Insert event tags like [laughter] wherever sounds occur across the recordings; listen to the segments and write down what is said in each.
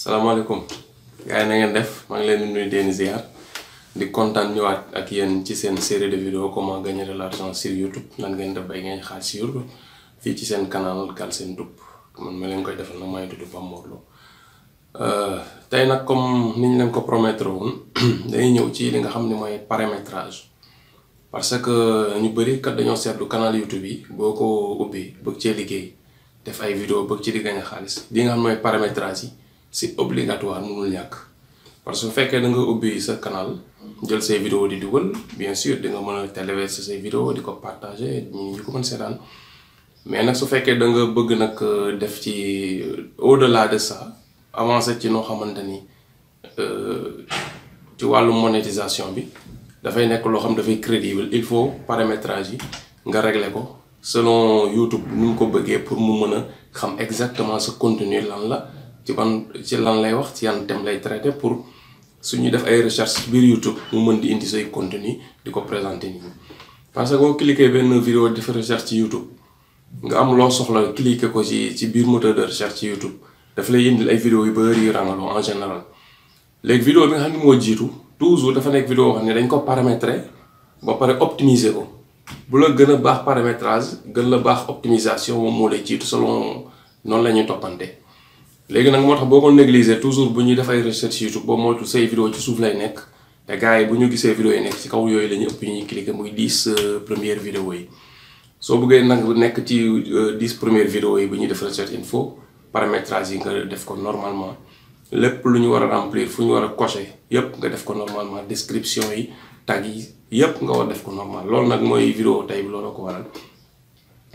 salaamaaleykum gars yi na ngeen def maa ngi leen di nuyu deen ziar di kontaan ñëwaat ak yéen ci seen série de vidéo comment gagner de l'argent sur YouTube nan ngeen def bay ngeen xaar si fii ci seen canal Galsen Tube man ma leen koy defal nag maa ngi tudd Pape Mor euh, tey nag comme ni ñu leen ko promettre woon [clears throat] dañuy ñëw ci li nga xam ne mooy paramétrage parce que ñu bëri kat dañoo seetlu canal YouTube yi boo ko ubbee bëgg cee liggéey def ay vidéo bëgg ci di xaalis li nga xam mooy paramétrage yi. c'est obligatoire mënul ñàkk parce que bu fekkee da nga ubbi sa canal jël say vidéo di dugal bien sûr di nga mën a téléverser say vidéo di ko partager ñu ñu ko mën seetaan mais nag su fekkee da nga bëgg nag euh, def ci euh, au-delà de ça avancer ci noo xamante ni euh, ci wàllu monetisation bi dafay nekk loo xam dafay crédible il faut paramétrage yi nga régle ko selon YouTube ni mu ko bëggee pour mu mën a xam exactement sa contenu lan la. ci ban ci lan lay wax ci yan thème lay traité pour suñuy def ay recherche biir YouTube mu mën di indi say continuer di ko présenter nit parce que boo cliquer benn vidéo def recherche ci YouTube nga am loo soxla cliquer ko ci ci biir moteur de recherche ci YouTube daf ay vidéo yu bëri yu ramaloo en général léegi vidéo bi nga xam ne moo jiitu toujours dafa nekk vidéo xam ne dañ ko paramétrer ba pare optimiser ko bu la gën a baax paramétrage gën la baax optimisation moom moo lay jiitu selon noonu la ñuy toppante. léegi nag moo tax boo ko négliger toujours bu ñuy defay ay recherche YouTube boo moytu say vidéo ci suuf lay nekk te gars yi bu ñu gisee vidéo yi nekk ci kaw yooyu la ñu ëpp muy dix euh, première vidéo yi soo bëggee nag nekk ci euh, dix première vidéo yi bu ñuy def recherche info paramétrage yi nga def ko normalement lépp lu ñu war a remplir fu ñu war a cocher yépp nga def ko normalement description yi tag yi yépp nga war def ko normal loolu nag mooy vidéo tey bi loolu ko waral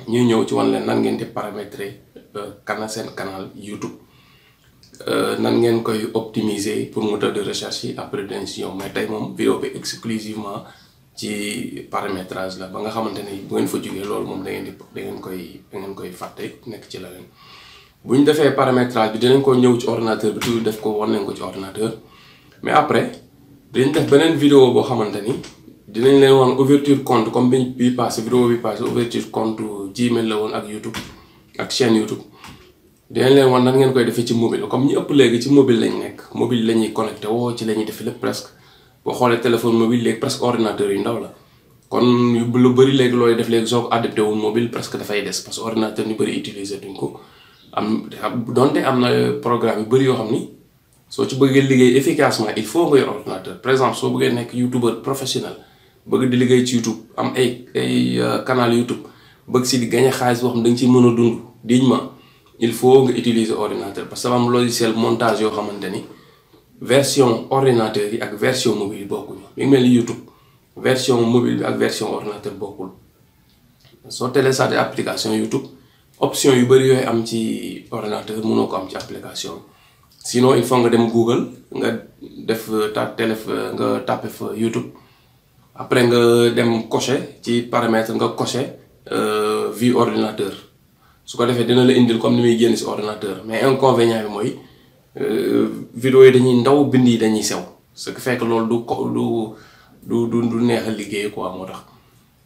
ñuy ñëw ci wan leen nag ngeen di paramétrer euh, kana seen canal YouTube Euh, nan ngeen koy optimiser pour moteur de recherche yi après décision mais tey moom vidéo bi exclusivement ci paramétrage la ba nga xamante ne bu ngeen fa jógee loolu moom da ngeen di da ngeen koy da koy fàtte nekk ci la leen bu ñu defee paramétrage bi dinañ ko ñëw ci ordinateur bi toujours def ko wan nañ ko ci ordinateur mais après dinañ def beneen vidéo boo xamante ni dinañ leen woon ouverture compte comme bi bii passé vidéo bi passé ouverture compte Gmail la woon ak YouTube ak chaîne YouTube dinañ leen wan nan ngeen koy defee ci mobile comme ñu ëpp léegi ci mobile lañ nekk mobile la ñuy connecté woo ci la ñuy def lépp presque boo xoolee téléphone mobile léegi presque ordinateur yu ndaw la kon lu bëri léegi looy def léegi soo ko adapté mobile presque dafay des parce que ordinateur ñu bëri utiliser duñ ko am donte am na programme yu bëri yoo xam ni soo ci bëggee liggéey efficacement il faut nga yor ordinateur par exemple soo bëggee nekk youtubeur professionnel bëgg di liggéey ci youtube am ay ay euh, canal youtube bëgg si di gagné xaalis boo da nga ciy mën a dund dignement il faut nga utiliser ordinateur parce que dafa am logiciel montage yoo xamante ni version ordinateur yi ak version mobile bokkuñu mi ngi mel ni YouTube version mobile bi ak version ordinateur bokkul soo telee téléchargé application YouTube option yu bëri yooyu am ci ordinateur mënoo ko am ci application bi sinon il faut nga dem Google nga def ta téléf nga tàppe fa YouTube après nga dem coché ci paramètre nga coché euh, vue ordinateur su ko defee dina la indil comme ni muy génn si ordinateur mais inconvénient bi mooy euh, vidéo yi dañuy ndaw bind yi dañuy sew sa qui fait loolu du ko du du du neex a liggéey ko am moo tax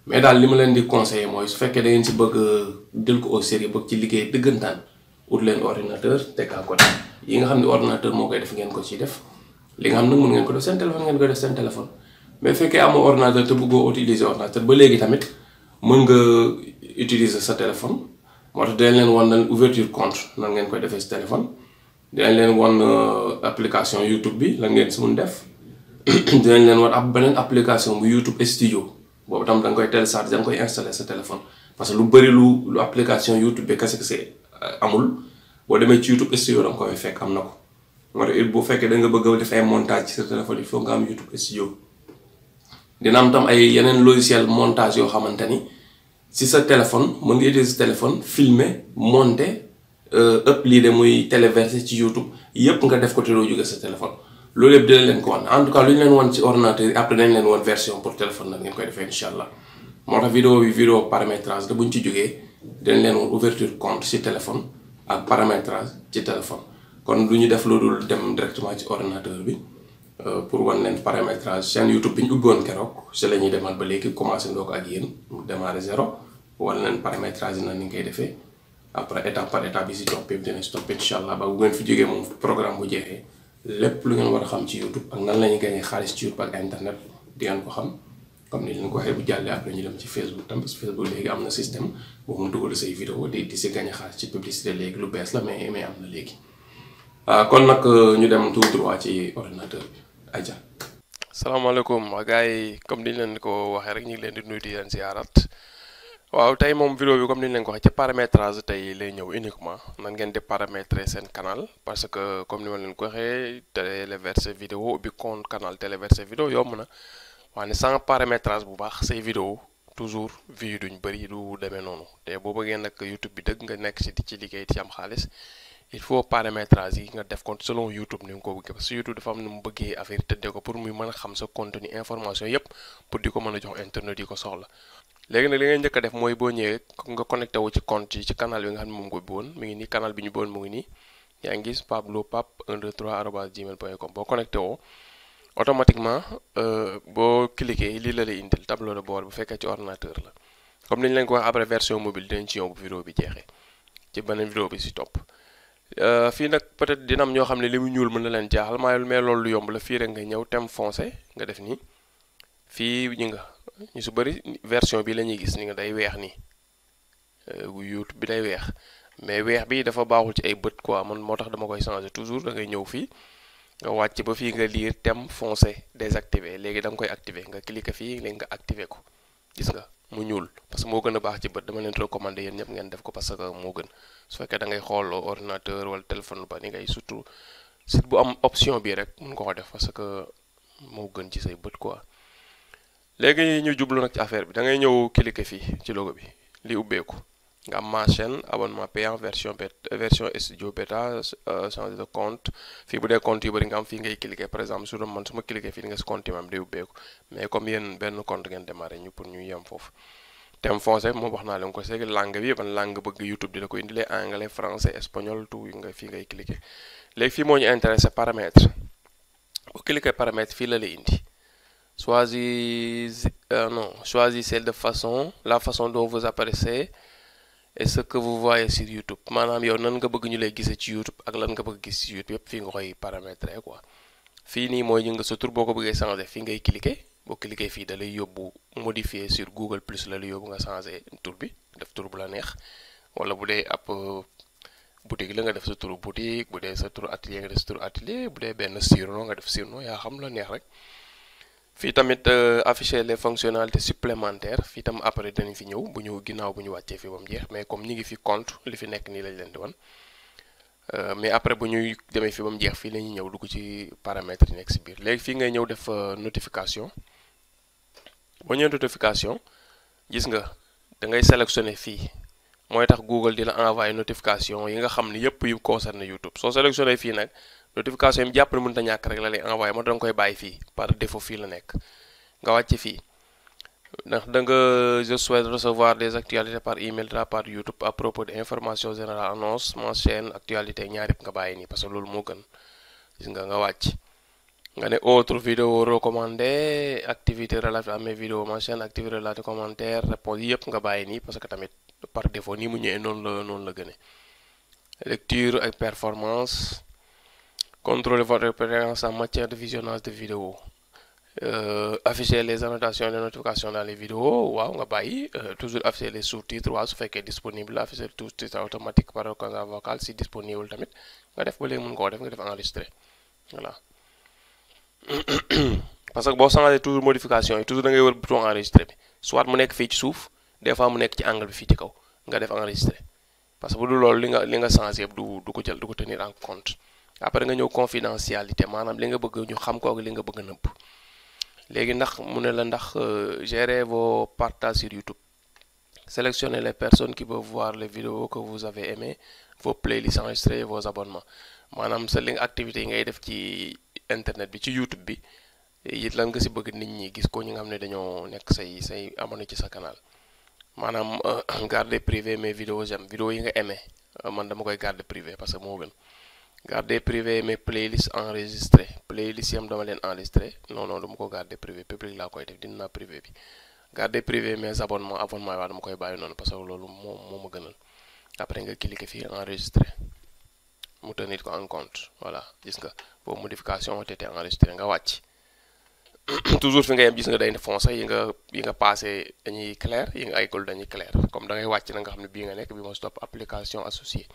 mais daal li ma leen di conseiller mooy su fekkee da ngeen si bëgg euh, jël ko au sérieux ci liggéey dëggantaan ut leen ordinateur teg à côté yi nga xam ne ordinateur moo koy def ngeen ko ci def li nga xam nag mën ngeen ko def seen téléphone ngeen ko def seen téléphone mais fekkee amoo ordinateur te bëggoo utiliser ordinateur ba léegi tamit mën nga utiliser sa téléphone moo tax leen wan nañ ouverture compte nan ngeen koy defee si téléphone dinañ leen wan euh, application YouTube bi lan ngeen si mun def [clears throat] dinañ leen wan ab beneen application bu YouTube studio boobu tam da nga koy télécharge da nga koy installé sa téléphone parce que lu bëri lu lu application euh, amul boo demee ci YouTube studio da koy fekk am na ko moo it bu fekkee da nga bëgg a def ay montage ci sa téléphone il faut nga am YouTube studio dina tam ay yeneen logiciel montage yoo xamante ni. si sa téléphone mën nga utiliser sa téléphone filmer monter euh, de muy téléversé ci YouTube yépp nga def ko te doo jóge sa téléphone loolu yëpp dina leen ko wan en tout cas lu ñu leen wan ci ordinateur yi après dañ leen wan version pour téléphone nag ngeen koy defee incha allah moo tax vidéo bi vidéo paramétrage la bu ñu ci jógee dañ leen wan ouverture compte ci téléphone ak paramétrage ci téléphone kon lu ñu def loolu dul dem directement ci ordinateur bi Euh, pour wan leen paramétrage chaîne YouTube bi ñu ubboon keroog si la ñuy demaat ba léegi commencé ndoo ko ak yéen mu démarrer zéro wan leen paramétrage na ni ñu koy defee après étape par bi si topp yëpp dina ba bu ngeen fi jógee moom programme bu jeexee lépp lu ngeen war xam ci YouTube ak nan la ñuy gagné xaalis ci YouTube ak internet di ngeen ko xam comme ni leen ko bu jàllee après ñu dem ci Facebook tam parce que léegi am na système boo mu dugal say vidéo di di si gagné xaalis ci publicité léegi lu bees la mais mais am na léegi ah, kon nag euh, ñu dem tout droit ci ordinateur bi. Adja. salaamaaleykum gars yi comme ni leen leen ko waxee rek ñu ngi leen di nuyu di leen si ziarat waaw tey moom vidéo bi comme ni ñu leen ko xee ci paramétrage tey lay ñëw uniquement nan ngeen di paramétrer seen canal parce que comme ni ma leen ko waxee téléverser vidéo bi compte canal téléverser vidéo yomb na waa ne sans paramétrage bu baax say vidéo toujours vues duñ bëri du demee noonu te boo bëggee nag YouTube bi dëgg nga nekk ci di ci liggéey ci am xaalis. il faut paramétrage yi nga def ko selon YouTube ni nga ko bëggee su YouTube dafa am nu mu bëggee affaire tëddee ko pour muy mën a xam sa contenu information yépp pour di ko mën a jox internet yi ko soxla léegi nag li ngay njëkk def mooy boo ñëwee nga connecté wu ci compte yi ci canal bi nga xam ne moom ko bi woon mu ngi nii canal bi ñu boon mu ngi nii yaa ngi gis Pape Lo Pape 123 arobase gmail point boo connecté woo automatiquement euh, boo cliqué lii la bu fekkee ci ordinateur la comme ni ñu leen ko wax bi jeexee ci beneen vidéo bi si topp Euh, fii nag peut-être dina ñoo xam ne li mu ñuul mën na leen jaaxal maayul mais loolu lu yomb la fii rek nga ñëw thème foncé nga def nii fii ñu nga ñu su bëri version bi la ñuy gis ni nga day weex nii euh, yuut bi day weex mais weex bi dafa baaxul ci ay bët quoi man moo tax dama koy changer toujours da ngay ñëw fii nga wàcc ba fii nga lire thème foncé activer léegi da nga koy activé nga cliquer fii léegi nga activé ko gis nga mu ñuul parce que moo gën a baax ci bët dama leen recommander yéen ñëpp ngeen def ko parce que moo gën su fekkee da ngay xool ordinateur wala téléphone ba ni ngay surtout site bu am option bii rek mun nga ko def parce que moo gën ci say bët quoi. léegi ñu jublu nag ci affaire bi dangay ñëw cliquer fii ci logo bi li ubbeeku nga am ma chaîne abonnement payant version beta version studio beta euh, changer de compte fii bu dee compte yu bëri nga am fii ngay cliquer par exemple su doon man su cliquer fii nga si compte yi maam day ñu pour ñu yem foofu thème foncé moom wax naa leen ko c'est langue bi ban langue bëgg YouTube di la ko indilee anglais français espagnol tout nga ngay cliquer léegi fii moo ñu intéressé paramètres bu cliquer paramètres fii la indi choisis euh, non choisissez de est ce que vous voyez sur YouTube maanaam yow nan nga bëgg ñu lay gisee ci YouTube ak lan nga bëgg gis ci YouTube yëpp fii nga koy paramétrer quoi fii nii mooy ñu nga sa boo ko bëggee changer fii ngay cliquer boo cliquer fii da lay yóbbu modifier sur Google Plus la lay yóbbu nga changer tour bi def tour bu la neex wala bu dee ab euh, boutique la nga def sa tour boutique bu dee sa turu atelier nga def sa turu bu dee benn surnom nga def surnom yaa xam la neex rek. fii tamit euh, afficher les fonctionnalités supplémentaires fii tam après danañ fi ñëw bu ñu ginnaaw bu ñu wàccee fi ba mu jeex mais comme ñi ngi fi compte li fi nekk nii lañ leen di wan euh, mais après bu ñuy demee fi ba mu jeex fii la ñuy ñëw dugg ci paramètres yi nekk si biir léegi fii ngay ñëw def euh, notification boo ñëwee notification gis nga da ngay sélectionner fii mooy tax Google di la envoyer notification yi nga xam ne yëpp yu concerné YouTube soo sélectionné fii nag. notification yi mu jàpp ne mënut ñàkk rek la lay envoyé moo tax nga koy bàyyi fii par défaut fii la nekk nga wàcce fii ndax da nga je souhaite recevoir des actualités par email de la part YouTube à propos de information générale annonce mention actualité ñaar yëpp nga bàyyi nii parce que loolu moo gën gis nga nga wàcc nga ne autre vidéo recommandée activité relative à mes vidéos mention activité relative commentaire réponse yëpp nga bàyyi nii parce que tamit par défaut nii mu ñëwee noonu la noonu la gëne lecture ak performance Contrôlez votre expérience en matière de visionnage de vidéos. Euh, afficher les annotations et les notifications dans les vidéos waaw nga bàyyi euh, toujours afficher les sous-titres waaw su fekkee disponible afficher tous titres automatique par consa vocal si disponible tamit nga def ba léegi mën koo def nga def enregistré voilà [coughs] parce que boo changé toujours modification yi toujours da ngay wër bouton enregistré bi soit mu nekk fii ci suuf des fois mu nekk ci angle bi fii ci kaw nga def enregistré parce que loolu li nga li nga changé du du ko jël du ko en compte après nga ñëw confidentialité maanaam li nga bëgg ñu xam ko ak li nga bëgg nëbb léegi ndax mu ne la ndax euh, gérer vos partages sur YouTube sélectionnez les personnes qui peuvent voir les vidéos que vous avez aimées vos playlists enregistrées vos abonnements maanaam sa li activités yi ngay def ci internet bi ci YouTube bi it lan nga si bëgg nit ñi gis ko ñi nga xam ne dañoo nekk say say amoon ci sa canal maanaam euh, [clears throat] garder privé mes vidéos j'aime vidéo yi nga aimé euh, man dama koy garder privé parce que moo gën garder privé mes playlists enregistrées playlist yam dama leen enregistré non non dama ko garder privé public laa koy def dina privé bi garder privé mes abonnements abonnement yi waa dama koy bàyyi noonu parce que loolu moo moo ma gënal après nga cliquer fii enregistré mu tenir ko en compte voilà gis nga boobu modification ont été enregistré nga wàcc [coughs] toujours fi nga yem gis nga day foncé yi nga yi nga passé dañuy clair yi nga ay dañuy clair comme da ngay wàcc na nga xam ne bii nga nekk bi ma stop application associée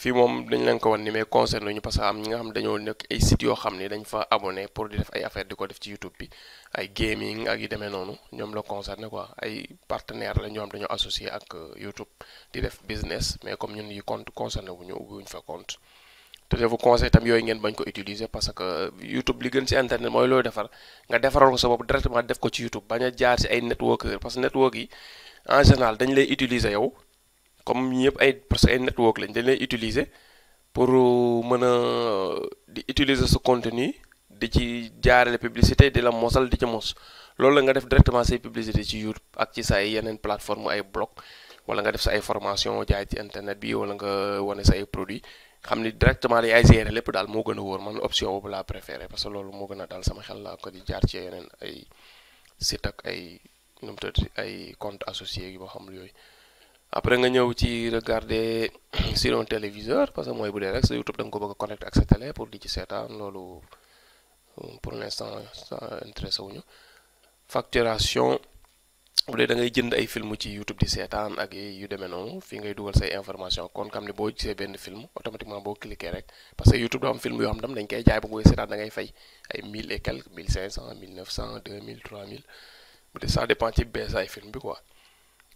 fii moom dañ leen ko wan ni mais concerne ñu parce que am ñi nga xam dañoo nekk ay sites yoo xam ni dañ fa abonné pour di def ay affaire di ko def ci YouTube bi ay gaming ak yi demee noonu ñoom la concerné ko ay partenaire la ñoom xam dañoo associé ak euh, YouTube di def business mais comme ñun yi compte concerné wu ñu ubbiwuñ fa compte te je vous tam yooyu ngeen bañ ko utiliser parce que euh, YouTube li gën ci internet mooy looy defar nga defaral ko sa bopp directement def ko ci YouTube bañ a jaar ci ay networker que network yi en général dañ lay utiliser yow comme ñëpp ay parce que ay network lañ dañ lay utiliser pour euh, mën a di utiliser sa contenu di ci jaarale publicité di la mosal di ci mos loolu la nga def directement say publicité ci YouTube ak ci say yeneen plateforme ay blog wala nga def sa ay formation jaay ci internet bi wala nga wane sa ay produit xam ni directement la yaay gérer lépp daal moo gën a man option boobu laa préféré que loolu moo gën a daal sama xel laa di jaar ci yeneen ay site ak ay nu mu ay compte associé yi boo xam yooyu après nga ñëw ci regarder [clears throat] sur un téléviseur parce que mooy bu dee rek sa YouTube da nga ko bëgg a connecté ak sa télé pour di ci seetaan loolu euh, pour l'instant ça intéressé wuñu facturation bu dee da ngay jënd ay film ci YouTube di seetaan ak yu demee noonu fii ngay dugal say information kon xam ne boo gisee benn film automatiquement boo cliqué rek parce YouTube da am film yoo xam tam dañ koy jaay ba nga koy seetaan da ngay ay mille et quelques mille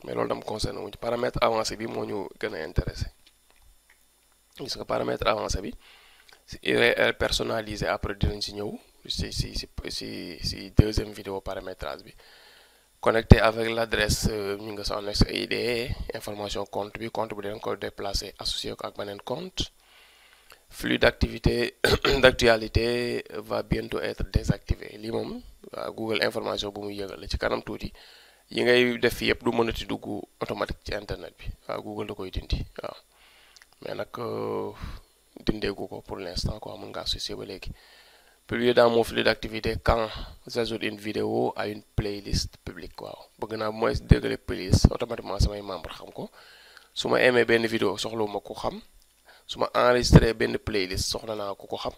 mais loolu dama concerné wu ci paramètre avancé bi moo ñu gën a intéressé gis nga paramètre avancé bi si URL personnalisé après dinañ si ñëw si si si si si deuxième vidéo paramétrage bi connecté avec l' adresse euh, ñu nga sa annexe information compte bi compte bu dinañ ko déplacé associé ko ak beneen compte flux d'activité [coughs] d'actualité euh, va bientôt être désactivé lii moom Google information bu mu yëgal ci kanam tuuti yi ngay def yëpp du mënati dugg automatique ci internet bi waaw Google da koy dindi waaw mais nag euh, dindeegu ko pour l'instant quoi mën ngaa associer ba léegi publier dans moo fil d'activité quand j'ajoute une vidéo a une playlist publique waaw bëgg naa bu may dégale playlist automatiquement samay membre xam ko su ma aimé benn vidéo soxlawu ma ko xam su ma enregistré benn playlist soxla naa ko ko xam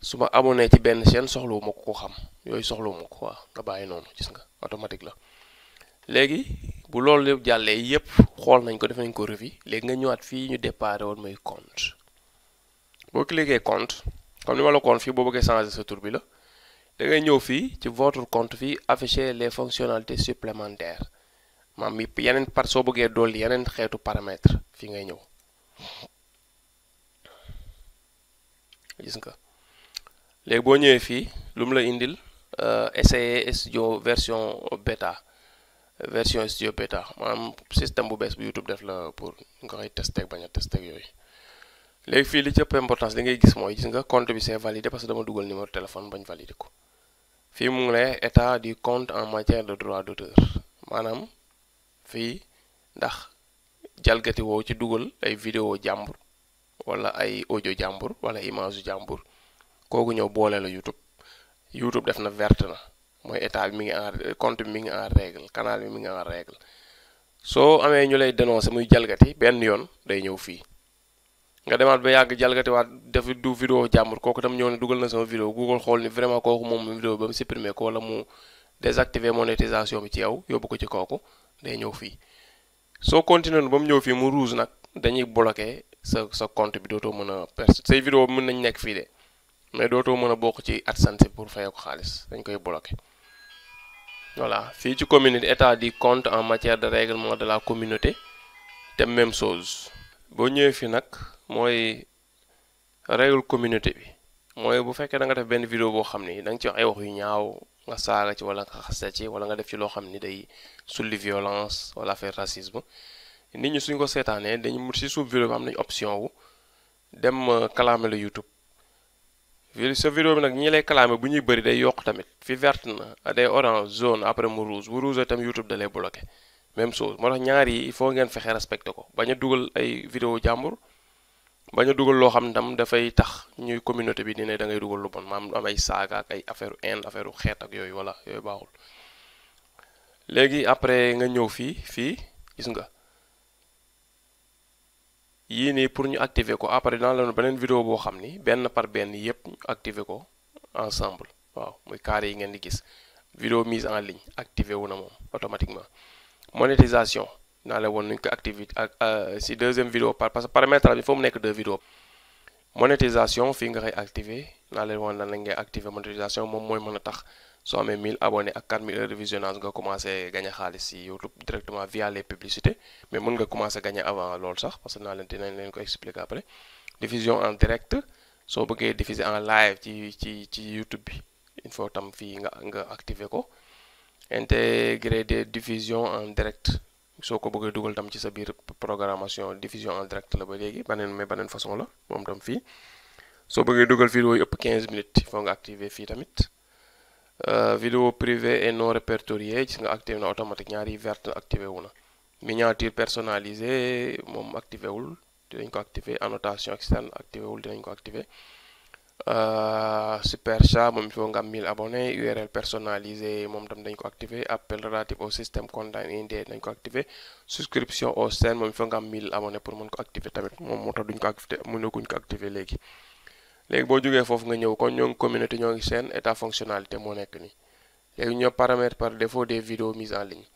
su ma abonné ci benn chaîne soxlawu ma ko ko xam yooyu soxlawu ma ko waaw nga bàyyi noonu gis nga automatique la léegi bu loolu lépp jàllee yépp xool nañ ko def nañ ko revue léegi nga ñëwaat fii ñu déparé woon mooy compte boo cliquer compte comme ni ma la ko fii boo bëggee changé sa tur bi la da ngay ñëw fii ci votre compte fii afficher les fonctionnalités supplémentaires maam yëpp yeneen par soo bëggee dolli yeneen xeetu paramètre fii ngay ñëw gis nga léegi boo ñëwee fii lu mu la indil essayer euh, studio version bêta version studio bêta maanaam système bu bees bu YouTube def la pour nga koy tester bañ a yooyu léegi fii li ci ëpp importance li ngay gis mooy gis nga compte bi c'est validé parce que dama dugal numéro téléphone bañ validé ko fii mu ngi lay état du compte en matière de droit d'auteur maanaam fii ndax jalgati woo ci dugal ay vidéo jàmbur wala ay audio jàmbur wala image jàmbur kooku ñëw boole la YouTube YouTube def na verte na mooy état bi mi ngi en compte bi mi ngi en règle canal bi mi ngi en règle soo amee ñu lay dénoncé muy jalgati benn yoon day ñëw fii nga demaat ba yàgg jalgati waat def du vidéo jàmbur kooku tam ñëw ne dugal na sama vidéo Google xool ni vraiment kooku moom vidéo ba mu supprimer ko wala mu désactiver monétisation bi ci yow yóbbu ko ci kooku day ñëw fii soo continué ba mu ñëw fii mu rouge nag dañuy bloqué sa sa compte bi dootoo mën a perte say mën nañ nekk fii de mais dootoo mën a bokk ci at AdSense pour fayee ko xaalis dañ koy bloqué voilà fii ci commune état di compte en matière de règlement de la communauté te même chose boo ñëwee fi nag mooy règle communauté bi mooy bu fekkee da nga def benn vidéo boo xam ni da nga ci wax ay wax yu ñaaw nga saaga ci wala nga xaste ci wala nga def ci loo xam ni day sulli violence wala affaire nit ñi suñ ko seetaanee dañu si suuf bi am nañ option wu dem kalaame euh, YouTube sa vidéo bi nag ñi lay clamé bu ñuy bëri day yokk tamit fi vert na day orange zone après mu rouge bu rouge itam YouTube da lay bloqué même chose moo tax ñaar yi il faut ngeen fexe respecté ko bañ a dugal ay vidéo jàmbur bañ a dugal loo xam tam dafay tax ñuy communauté bi ni ne dangay dugal lu bon maam am ay saaga ak ay affaire inde affaire xeet ak yooyu wala yooyu baaxul léegi après nga ñëw fii fii gis nga yii nii pour ñu activer ko après dans la beneen vidéo boo xam ni benn par benn yépp ñu activer ko ensemble waaw muy carré yi ngeen di gis vidéo mise en ligne activé wu na moom automatiquement monétisation naa la woon nuñ ko activité ak euh, si deuxième vidéo par parce que paramètre bi foo mu nekk deux vidéo monétisation fii nga koy activé naa leen woon lan la ngay activé monétisation moom mooy mën a tax soo amee 1000 abonnés ak 4000 heures de nga commencé gagné xaalis si YouTube directement via les publicités mais mën nga commencé gagné avant loolu sax parce que naa leen dinañ leen ko expliquer après diffusion en direct soo bëggee diffuser en live ci ci ci YouTube bi il faut tam fii nga nga activer ko intégrer des diffusions en direct soo ko bëggee dugal tam ci sa biir programmation diffusion en direct la ba léegi beneen mais baneen façon la moom tam fii soo bëggee dugal fii yu ëpp quinze minutes il faut nga activer fii tamit. Uh, vidéo privée et non répertoriée gis nga activé na automatique ñaari vert activé wu na miniature personnalisée moom activé wul dinañ ko activé annotation externe activé wul dinañ ko activé uh, super chat moom il faut nga am 1000 abonnés url personnalisé moom tam dañ ko activé appel relatif au système content indi dañ ko activé subscription au sein moom il faut nga am 1000 abonnés pour mën ko activé tamit moom moo tax duñ ko activé mënaguñ ko activé léegi léegi boo jógee foofu nga ñëw kon ñoo ngi communauté ñoo ngi seen état fonctionnalité moo nekk ni léegi ñoo paramètre par défaut des vidéos mises en ligne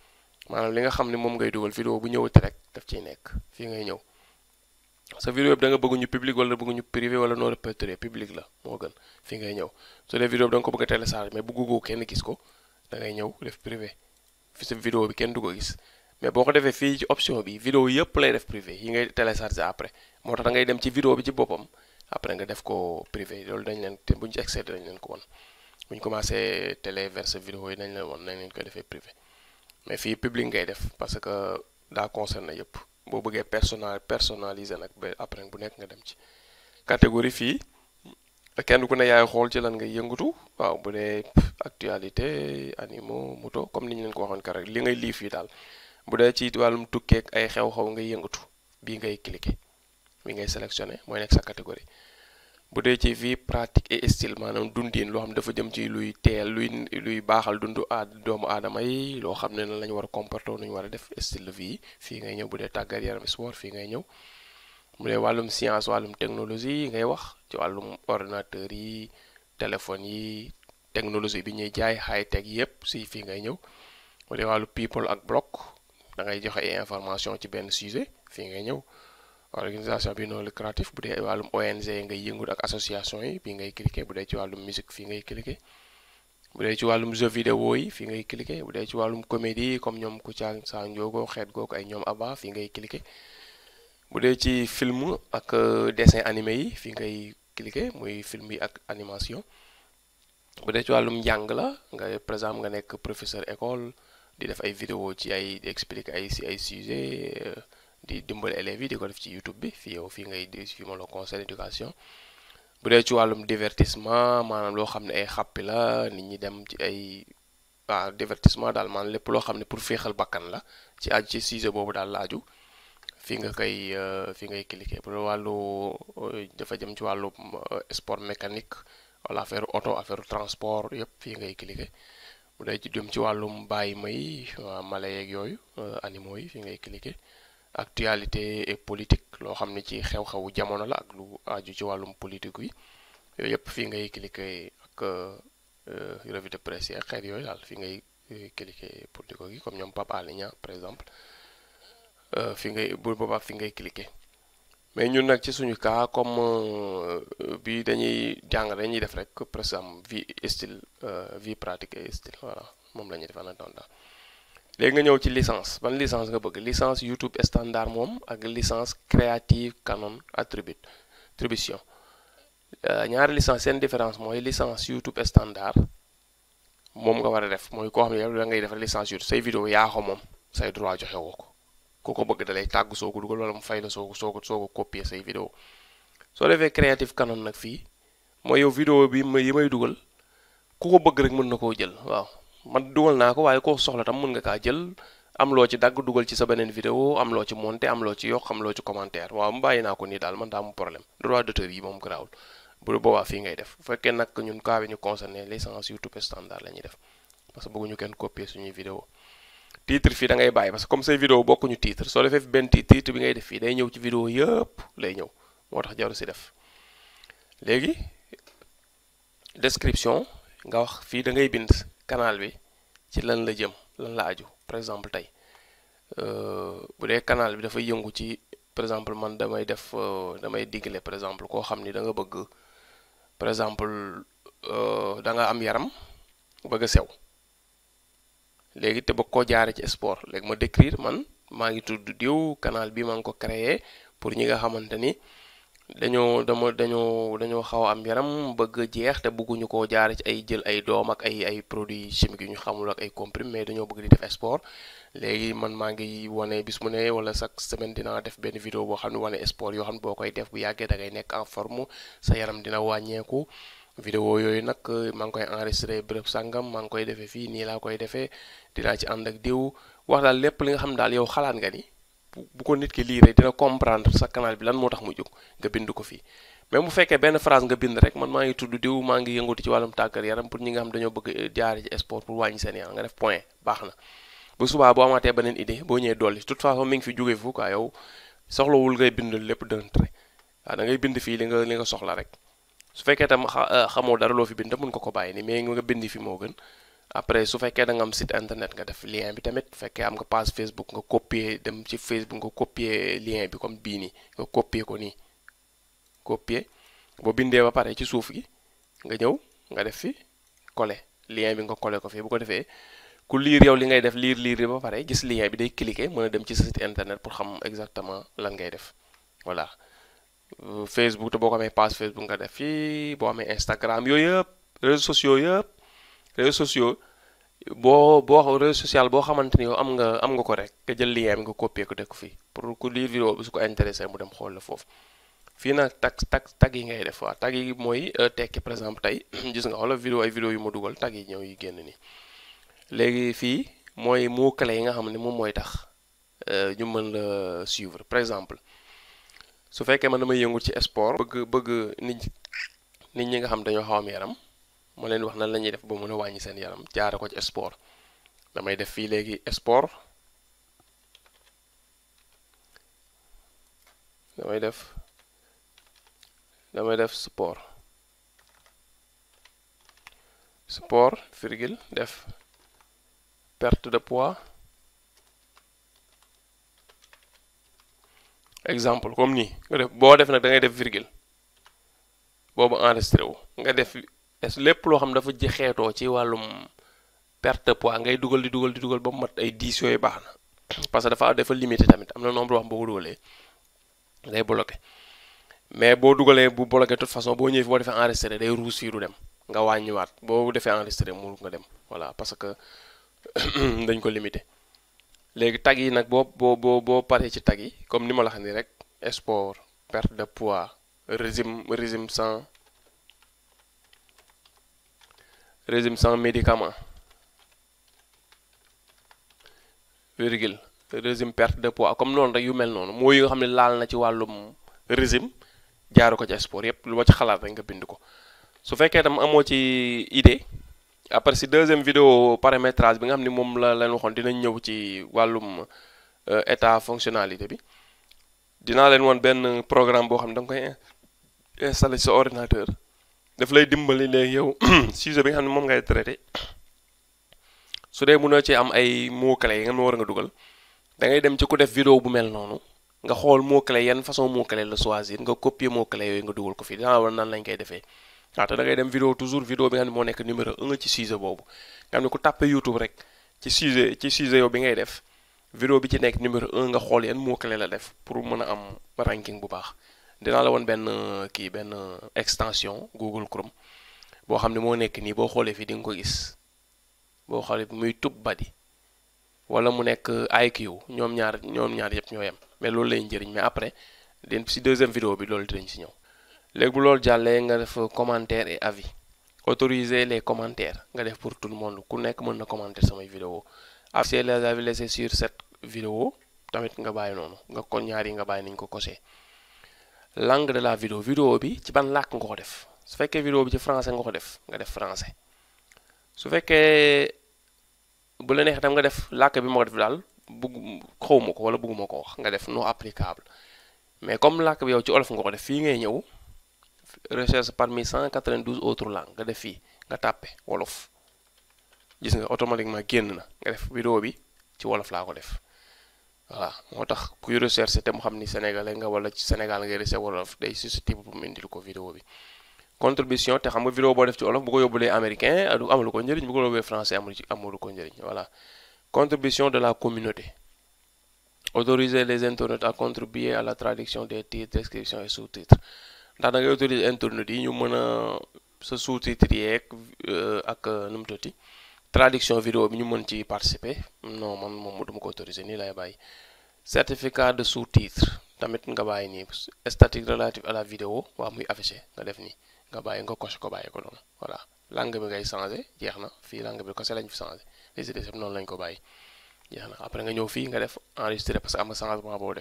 maanaam li nga xam ne moom ngay dugal vidéo bu ñëwati rek daf ciy nekk fii ngay ñëw sa vidéo da nga bëgg ñu public wala bëgg ñu privé wala non répertorié public la moo gën fii ngay ñëw su dee vidéo bi da nga ko bëgg a mais bëggu ko kenn gis ko da ngay ñëw def privé fi sa vidéo bi kenn du ko gis mais boo ko defee fii ci option bi vidéo yëpp lay def privé yi ngay télécharger après moo tax da dem ci vidéo bi ci boppam après nga def ko privé loolu dañ leen te bu ñu ci excès dañ leen ko won bu ñu commencé télé verse vidéo yi dañ leen won nañ leen ko defee privé mais fii public ngay def parce que daa concerné yëpp boo bëggee personnal personnalisé nag ba après bu nekk nga dem ci catégorie fii kenn ku ne yaay xool ci lan nga yëngatu waaw bu dee actualité animaux moto comme li ñu leen ko waxoon ka rek li ngay lii fii daal bu dee ci wàllum tukkeek ay xew-xew ngay yëngatu bii ngay cliquer bi ngay sélectionné mooy nekk sa catégorie bu dee ci vie pratique et style maanaam dundin loo xam ne dafa jëm ci luy teel luy luy baaxal dundu aad doomu aadama yi loo xam ne nan war a comporter nu ñu war a def style de fii ngay ñëw bu dee tàggat yaram sport fii ngay ñëw mu dee wàllum science wàllum technologie ngay wax ci wàllum ordinateur yi téléphone yi technologie bi ñuy jaay high tech yépp si fii ngay ñëw bu wàllu people ak block da ngay joxe information ci benn sujet fii ngay ñëw organisation bi non lucratif bu dee wàllum ONG ngay yëngu ak association yi bi ngay cliquer bu dee ci wàllum musique fii ngay cliquer bu dee ci wàllum jeu vidéo yi fii ngay cliquer bu dee ci wàllum comédie comme ñoom Kouthia Sa Ndiogou xeet googu ay ñoom Abba fi ngay cliquer bu dee ci film ak euh, dessin anime yi fii ngay cliquer muy film yi ak animation bu dee ci wàllum njàng la nga par exemple nga nekk professeur école di def ay vidéo ci ay expliquer ay si ay sujet euh, di dimbali élèves yi di ko def ci YouTube bi fii yow fii ngay fii moom la conseil d'éducation bu dee ci wàllum divertissement maanaam loo xam ne ay xàppi la nit ñi dem ci ay ah divertissement daal maanaam lépp loo xam ne pour féexal bakkan la ci aju ci sujet boobu daal la aju fii nga koy euh, fii ngay cliquer bu dee wàllu euh, dafa jëm ci wàllu euh, sport mécanique wala affaire auto affaire transport yëpp fii ngay cliquer ci jëm ci wàllum bàyyi may mala yeeg yooyu animaux yi fii ngay cliquer actualité et politique loo xam ne ci xew-xewu jamono la ak lu aju ci wàllum politique yi yooyu yëpp fii ngay cliquer ak euh, euh, revue de presse yi ak xeet yooyu daal fii ngay euh, cliquer politique yi comme ñoom Pape Alé Niang par exemple fi ngay bu boobaa fi ngay cliquer mais ñun nag ci suñu cas comme bi dañuy jàng dañuy def rek presque am vie style vie pratique style voilà moom la ñuy def en attendant léegi nga ñëw ci licence ban licence nga bëgg licence YouTube standard moom ak licence Creative Commons attribute tribution euh, ñaari licence seen différence mooy licence YouTube standard moom nga war a def mooy koo xam ne yow da ngay def licence YouTube say vidéo yaa ko moom say droit joxe ko ko bëgg da tàgg soo ko dugal wala mu fay la soo ko soo ko soo ko copier say vidéo soo defee Creative Commons nag fii mooy yow vidéo bi yi may dugal ku ko bëgg rek mën na koo jël man dugal naa ko waaye koo soxla tam mun nga kaa jël am loo ci dagg dugal ci sa beneen vidéo am loo ci monté am loo ci yokk am loo ci commentaire waaw mu bàyyi naa ko nii daal man daa am problème droit d'auteur yi moom garaawul bu boobaa fii ngay def bu fekkee nag ñun kaa bi ñu concerné licence YouTube standard la ñuy def parce que bëgguñu kenn copier suñuy vidéo titre fii da ngay bàyyi parce que comme say vidéo bokkuñu titre soo defee benn titre titre bi ngay moo tax jaru si def nga wax fii da ngay bind canal bi ci lan la jëm lan la aju par exemple tey euh, bu dee kanaal bi dafay yëngu ci par exemple man damay def euh, damay digle par exemple koo xam ni da bëgg par exemple euh, da nga am yaram bëgg sew léegi te bëgg koo jaaree ci sport léegi ma décrire man maa ngi tudd diw kanaal bi maa ngi ko créer pour ñi nga xamante ni dañoo dama dañoo dañoo xaw am yaram bëgg a jeex te bëgguñu koo jaare ci ay jël ay doom ak ay ay produits chimiques yu ñu xamul ak ay comprimés mais dañoo bëgg di def sport léegi man maa ngi wane bis mu ne wala chaque semaine dinaa def benn vidéo boo xam ne wane sport yoo xam ne boo koy def bu yàggee da nekk en forme sa yaram dina wàññeeku. vidéo yooyu nag euh, maa ngi koy enregistré bërëb sàngam maa ngi koy defee fii nii laa koy defee dinaa ci ànd ak diw wax daal lépp li nga xam daal yow xalaat nga ni. bu ko nit ki liiree dina comprendre sa canal bi lan moo tax mu jóg nga bind ko fii mais bu fekkee benn phrase nga bind rek man maa ngi tudd diw maa ngi yëngatu ci wàllum tàggat yaram pour ñi nga xam dañoo bëgg euh, jaar ci sport pour wàññi seen yaram nga def point baax na bu subaa boo amaatee beneen idée boo ñëwee dolli toute façon mi ngi fi jógee foofu quoi yow soxlawul ngay bind lépp d'un trait waaw ngay bind fii li nga li nga soxla rek su fekkee tam euh, xamoo dara loo fi bind mën ko ko bàyyi ni mais nga bind fi moo gën après su fekkee da am site internet nga def lien bi tamit bu fekkee am nga page Facebook nga copier dem ci Facebook nga copier lien bi comme bii nii nga copier ko nii copier boo bindee ba pare ci suuf gi nga ñëw nga def fi coller lien bi nga coller ko fii bu ko defee ku liir yow li ngay def liir liir ba pare gis lien bi day cliquer mën a dem ci sa internet pour xam exactement lan ngay def voilà euh, Facebook te boo ko amee page Facebook nga def fii boo amee Instagram yooyu yëpp réseaux sociaux yëpp. réseaux sociaux boo boo réseau social boo xamante ni yow am nga am nga ko rek nga jël lien bi nga copier ko teg ko fii pour ku lire vidéo bi su ko intéressé mu dem xool la foofu fii nag tag tag tag yi ngay def waa tag yi mooy euh, tekki par exemple tey [clears throat] gis nga xoolal vidéo ay vidéo yu ma dugal tag yi ñëw yi génn nii léegi fii mooy mots clés yi nga xam ni moom mooy tax euh, ñu mën la suivre par exemple su fekkee ne damay yëngu ci sport bëgg bëgg nit nit ñi nga xam dañoo xaw am yaram mu leen wax nan la ñuy def ba mën a wàññi seen yaram jaare ko ci sport damay def fii léegi sport damay def damay def sport sport virgule def perte de poids exemple comme nii nga def boo def nag da def virgule boobu enregistré nga def est lépp loo xam dafa ji xeetoo ci wàllum perte poids ngay dugal di dugal di dugal ba mu mat ay dix yooyu baax na parce que dafa dafa limité tamit am na nombre wax boo ko dugalee day bloqué mais boo dugalee bu bloqué toute façon boo ñëwee fi boo defee enregistré day ruus du dem nga wàññiwaat boo defee enregistré mu nga dem voilà parce que [coughs] dañ ko limité léegi tag yi nag boo boo boo boo paree ci tag yi comme ni ma la xam ni rek sport perte de pois régime régime sans régime sans médicament virgule régime perte de poids comme noonu rek yu mel noonu mooy yoo xam ne laal na ci wàllum régime jaaru ko ci sport yëpp lu ma ci xalaat rek nga bind ko su fekkee tam amoo ci idée après si deuxième vidéo paramétrage bi nga xam ni moom la leen waxoon dinañ ñëw ci wàllum euh, état fonctionnalité bi dinaa leen woon benn programme boo xam ne danga koy installé ci ordinateur daf lay dimbali léegi yow [clears throat] sujet bi nga xam ne moom ngay traité su dee mënoo ci am ay mots clés yi nga war nga dugal da ngay dem ci ku def vidéo bu mel noonu nga xool mots clés yan façon mots clés la choisir nga copier mots clés yooyu nga dugal ko fii dinaa nan lañ koy defee waaw da ngay dem vidéo toujours vidéo bi nga xam ne moo nekk numéro un ci sujet boobu nga xam ne ku tàppe YouTube rek ci sujet ci sujet yow bi ngay def vidéo bi ci nekk numéro un nga xool yan mots clés la def pour mën a am ranking bu baax dinaa la woon benn euh, kii benn euh, extension Google Chrome boo xam ne moo nekk nii boo xoolee fii di nga ko gis boo xoolee muy tub badi wala mu nekk euh, IQ ñoom ñaar ñoom ñaar yëpp ñoo yem mais loolu lay njëriñ mais après den si deuxième vidéo bi loolu dinañ si ñëw léegi bu loolu jàllee nga def commentaire et avis autoriser les commentaires nga def pour tout le monde ku nekk mën na commenter samay vidéo afficher les avis laissés sur cette vidéo tamit nga bàyyi noonu nga ko ñaar yi nga bàyyi nañ ko coché langue de la vidéo vidéo bi ci ban làkk ngoo ko def su fekkee vidéo bi ci français nga ko def nga def français su fekkee bu la neex tam nga def làkk bi ma ko def daal bugg xawma ko wala bugguma ko wax nga def non applicable mais comme làkk bi yow ci olof nga ko def fii ngay ñëw recherce par recherche parmi 192 autres langues nga def fii nga tàppe wolof gis nga automatiquement génn na nga def vidéo bi ci wolof laa ko def waa moo tax kuy recherche te mu xam ni sénégalais nga wala ci Sénégal ngay recherche wolof day susceptible pour mu indil ko vidéo bi contribution te xam nga vidéo boo def ci wolof bu ko yóbbulee américain amalu ko njëriñ bu ko yóbbee français amul ci amalu ko njëriñ voilà contribution de la communauté autoriser les internautes à contribuer à la tradition des titres description et sous-titres ndax da ngay autoriser yi ñu mën a sa sous-titres yeeg euh, ak euh, nu mu tuddati traduction vidéo bi ñu mën ci participer non man moom du ma ko autoriser nii lay bàyyi certificat de sous-titre tamit nga bàyyi nii statique relative à la vidéo waa muy affiché nga def nii nga bàyyi nga coche ko bàyyi ko noonu voilà langue bi ngay changé jeex na fii langue bi kese lañ fi changé les idées na après nga ñëw fii nga def enregistré parce que am na changement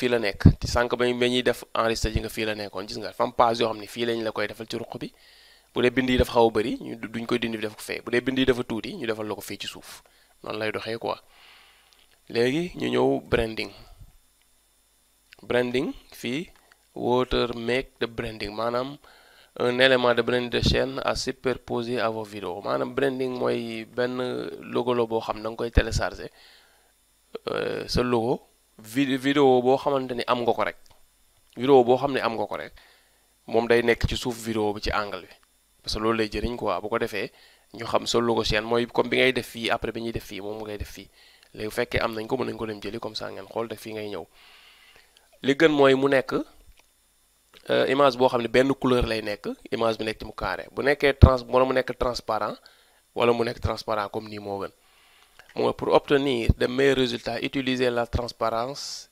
fii la nekk ci sànq ba ñuy def enregistré ji nga fii la nekkoon gis nga fam page yoo xam ne fii lañ la koy defal ci ruq bi bu dee bind yi dafa xaw a bëri ñu duñ koy dindi def ko fee bu dee bind yi dafa tuuti ñu defal la ko fee ci suuf noonu lay doxee quoi léegi ñu ñëw branding branding fii water make the branding maanaam un élément de branding de chaîne à superposer à vos vidéos maanaam branding mooy benn logo la boo xam da nga koy télécharger euh, sa logo vid vidéo boo xamante ni am nga ko rek vidéo boo xam ne am nga ko rek moom day nekk ci suuf vidéo bi ci angle bi parce que loolu lay jëriñ quoi bu ko defee ñu xam solo sa logiciel mooy comme bi ngay def fii après bi ñuy def fii moom mu ngay def fii léegi fekkee am nañ ko mën nañ ko dem jëli comme ça ngeen xool te fii ngay ñëw li gën mooy mu nekk euh, image boo xam ne benn couleur lay nekk image bi nekk ci mu carré bu nekkee trans wala mu nekk transparent wala mu nekk transparent comme nii moo gën moo pour obtenir de mais résultat utiliser la transparence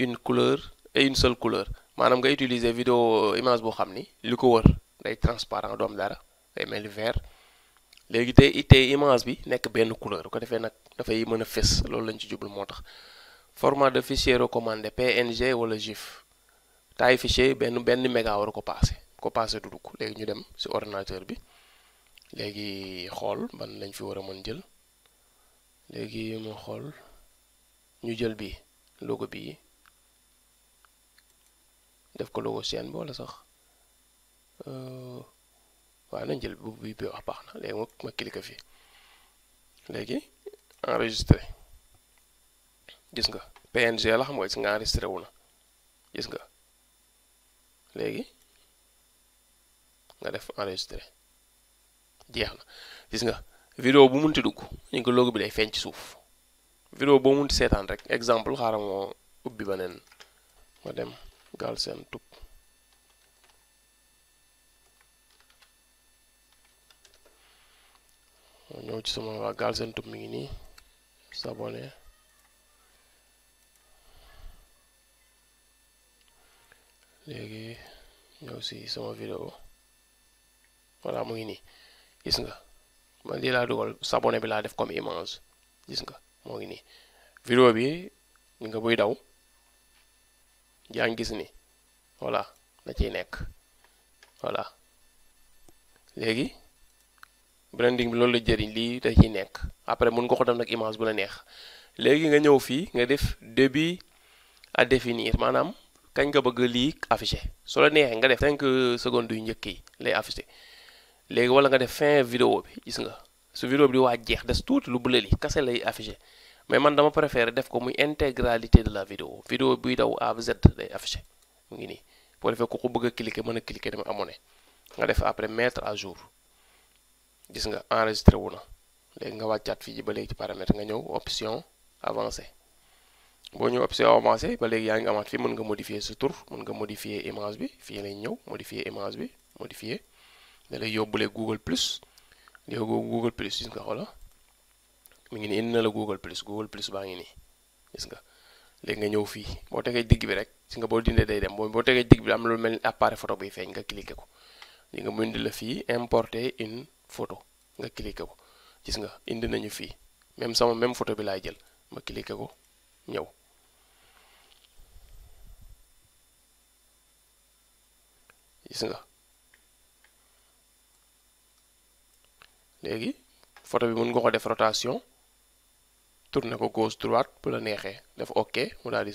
une couleur et une couleur maanaam nga utiliser vidéo euh, image boo xam ni li ko wër day transparent doom dara ay mel ver léegi te ittee image bi nekk benn couleur bu ko defee nag dafay mën a fes loolu lañ ci jublu moo tax format de fichier recommandé PNG wala GIF taille fichier benn benn méga war ko passé ko passé du dugg léegi ñu dem ci ordinateur bi léegi xool ban lañ fi war a mën jël léegi mu xool ñu jël bi logo bii def ko logo chaîne bi wala sax Euh, waa nañ jël bu bi bi wax baax na léegi ma ma cliquer fii léegi enregistré gis nga PNG la xam nga gis nga gis nga léegi nga def enregistré jeex na gis nga vidéo bu mun ti dugg ñu ko logo bi day feeñ ci suuf vidéo boo munti seetaan rek exemple xaaral moo ubbi beneen ma dem seen Tube ñëw ci sama waa gaal seen ngi nii sabone léegi ñëw si sama vidéo voilà mu ngi nii gis nga man lii laa dugal s'abonner bi laa def comme image gis nga moo ngi nii vidéo bi nga buy daw yaa gis ni voilà la ciy nekk voilà léegi branding bi loolu la jëriñ lii da ci nekk après mun nga ko def nag image bu la neex léegi nga ñëw fii nga def début à définir maanaam kañ nga bëgg lii affiché soo la neexee nga def cinq secondes yu njëkk yi lay affiché léegi wala nga def fin vidéo bi gis nga su vidéo bi di waa jeex des tuuti lu bële li kase lay affiché mais man dama préféré def ko muy intégralité de la vidéo vidéo buy daw A ba Z affiché mu ngi nii boo defee ku ko bëgg a cliquer mën a cliquer dama amoon nga def après mettre à jour. gis nga enregistré wu na léegi nga wàccaat fii ji ba léegi ci paramètre nga ñëw option avancé boo ñëw option avancé ba léegi yaa ngi amaat fii mën nga modifier sa tur mën nga modifie image bi fii lañ ñëw modifier image bi modifier da lay yóbbule Google Plus léegi Google Plus gis nga xoola mi ngi ne indi na la Google Plus Google Plus baa ngi nii gis nga léegi nga ñëw fii boo tegee digg bi rek si nga boo dindee day dem boo tegee digg bi am na lu mel ni appareil photo buy feeñ nga cliqué ko li nga mu la fii importer photo nga cliquer ko gis nga indi nañu fii même sama même photo bi laay jël ma cliquer ko ñëw gis nga léegi photo bi mun nga ko def rotation tourner ko gauche droite bu la neexee def ok mu daal di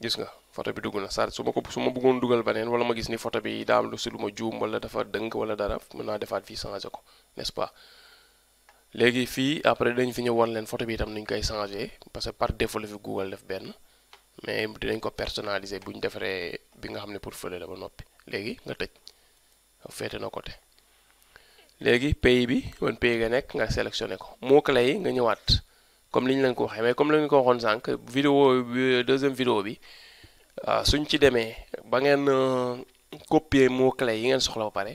gis nga photo bi dugg na saa su ma ko su ma bëggoon dugal beneen wala ma gis ni photo bi daa am lu si lu ma juum wala dafa dënk wala dara mën naa defaat fii changé ko n'est-ce pas léegi fii après dañ fi ñëw wan leen photo bi itam ni koy changé parce que par défaut la fi Google def benn mais dinañ ko personnaliser bu ñu defaree bi nga xam ne pour fële la ba noppi léegi nga tëj féete na ko côté léegi pays bi wan pays nga nekk nga sélectionné ko moo clé yi nga ñëwaat. comme li ñu leen ko waxee mais comme la ñu ko waxoon sànq vidéo bi deuxième vidéo bi ah, suñ ci demee ba ngeen euh, copier mot clé yi ngeen soxla ba pare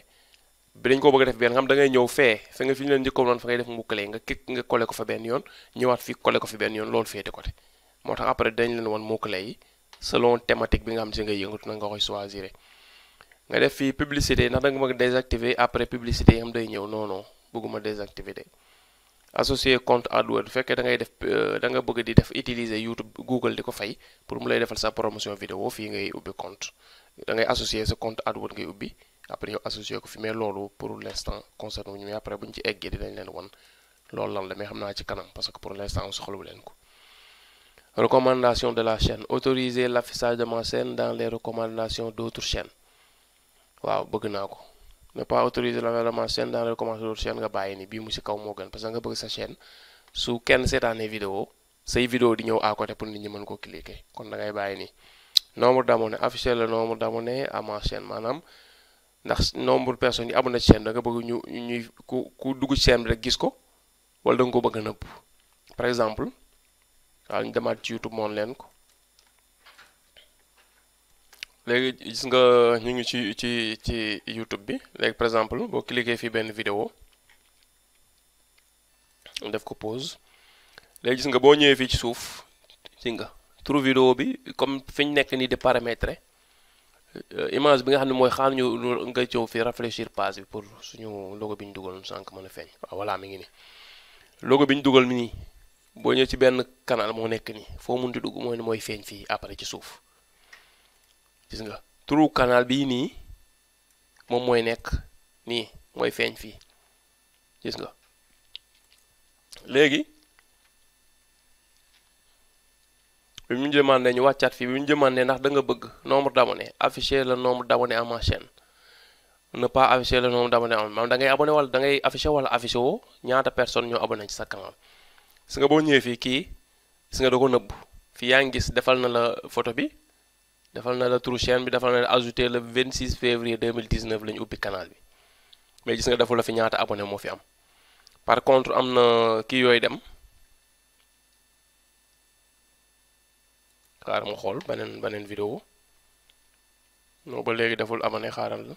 bi dañ ko bëgg a def benn xam ngay ñëw fee fe nga fi ñu leen njëkkoon noonu fa ngay def mot clé nga kik nga collé ko fa benn yoon ñëwaat fi collé ko fi benn yoon loolu féete côté moo tax après dañ leen won mot clé yi selon thématique bi nga xam si nga yëngatu na nga koy choisir nga def fii publicité ndax da nga bëgg désactiver après publicité yi nga xam day ñëw non non bëgguma désactiver associé compte AdWords bu fekkee da ngay def euh, danga bëgg di def utiliser YouTube Google di ko fay pour mu lay defal sa promotion video fii ngay ubbi compte da ngay associé sa compte AdWords ngay ubbi après yow associé ko fi mais loolu pour l'instant concerne wu ñu mais après bu ñu ci eggee dinañ leen won loolu lan la mais xam naa ci kanam parce que pour l'instant soxlawu leen ko. recommandation de la chaîne autoriser l'affichage de ma dans les recommandations d'autres chaînes waaw bëgg naa ko. ne pas autoriser l'avènement a dans recommencer d'autres chaîne nga bàyyi ni bii mu si kaw moo gën parce nga bëgg sa chaîne su kenn seetaanee vidéo say vidéo di ñëw à côté pour nit ñi mën ko cliquer kon da ngay bàyyi nii nombre d'abonnés afficher le nombre d'abonnés à ma chaîne maanaam ndax nombre person yi abonné ci danga bëgg ñu ñuy ku ku dugg ci chaîne rek gis ko wala da ko bëgg a nëbb par exemple waaw ñu demaat ci YouTube moon leen ko léegi gis nga ñu ngi ci ci ci YouTube bi léegi par exemple boo cliquer fii benn vidéo def ko pause léegi nga boo ñëwee fii ci suuf ci nga turu vidéo bi comme fi ñu nekk nii de paramètre euh, image bi nga xam ne mooy xaar ñu nga jëw fii rafraîchir page bi pour su ñu logo bi ñu dugal sànq mën a feeñ waaw voilà mi ngi nii logo bi ñu dugal nii boo ñëw ci benn canal moo nekk nii foo mun di dugg mooy mooy feeñ fii après ci suuf gis nga canal bii nii moom mooy nekk nii mooy feeñ fii gis nga léegi bi mu demandé ñu wàccaat fii bi mu ne ndax danga bëgg nombre d'abonnés afficher la nombre d'abonnés à ma chaîne ne pas afficher le nombre d'abonnés am maanaam da ngay abonné wala da ngay afficher wala afficher woo ñaata personne ñoo abonné ci sa canal gis nga boo ñëwee fii kii gis nga da ko nëbb fii yaa ngi gis defal na la photo bi defal na la trou chaîne bi defal na la ajouté le 26 février 2019 la ñu ubbi canal bi mais gis nga defu la fi ñaata abonné moo fi am par contre am na kii yooyu dem xaaral ma xool beneen beneen vidéo non ba léegi deful abonné xaaral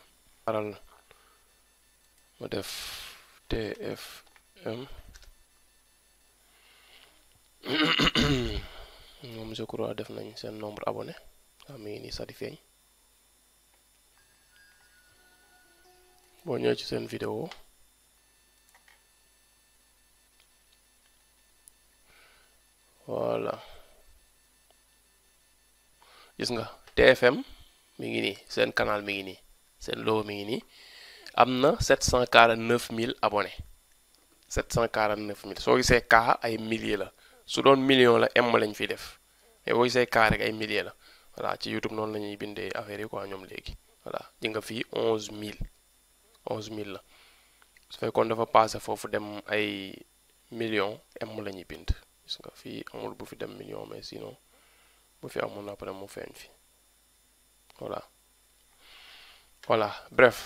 la def TFM [clears throat] moom je crois def nañ seen nombre abone waaw mi ngi nii sax moo feeñ ñëwee ci seen vidéo voilà gis nga TFM mi ngi nii seen kanaal mi ngi nii seen logo mi ngi nii am na 749000 abonnés 749000 soo gisee K ay milliers la su doon million la M lañ fi def mais boo gisee K rek ay milliers la. voilà ci YouTube noonu la ñuy bindee affaire yi quoi ñoom léegi voilà ji nga fii onze mille onze mille la su fekkoon dafa passé foofu dem ay million m la ñuy bind gis nga fii amul bu fi dem million mais sinon bu fi amul après mu feeñ fi voilà voilà bref